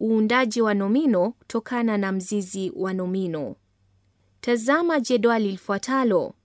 uundaji wa nomino kutokana na mzizi wa nomino. Tazama jedwali lifuatalo.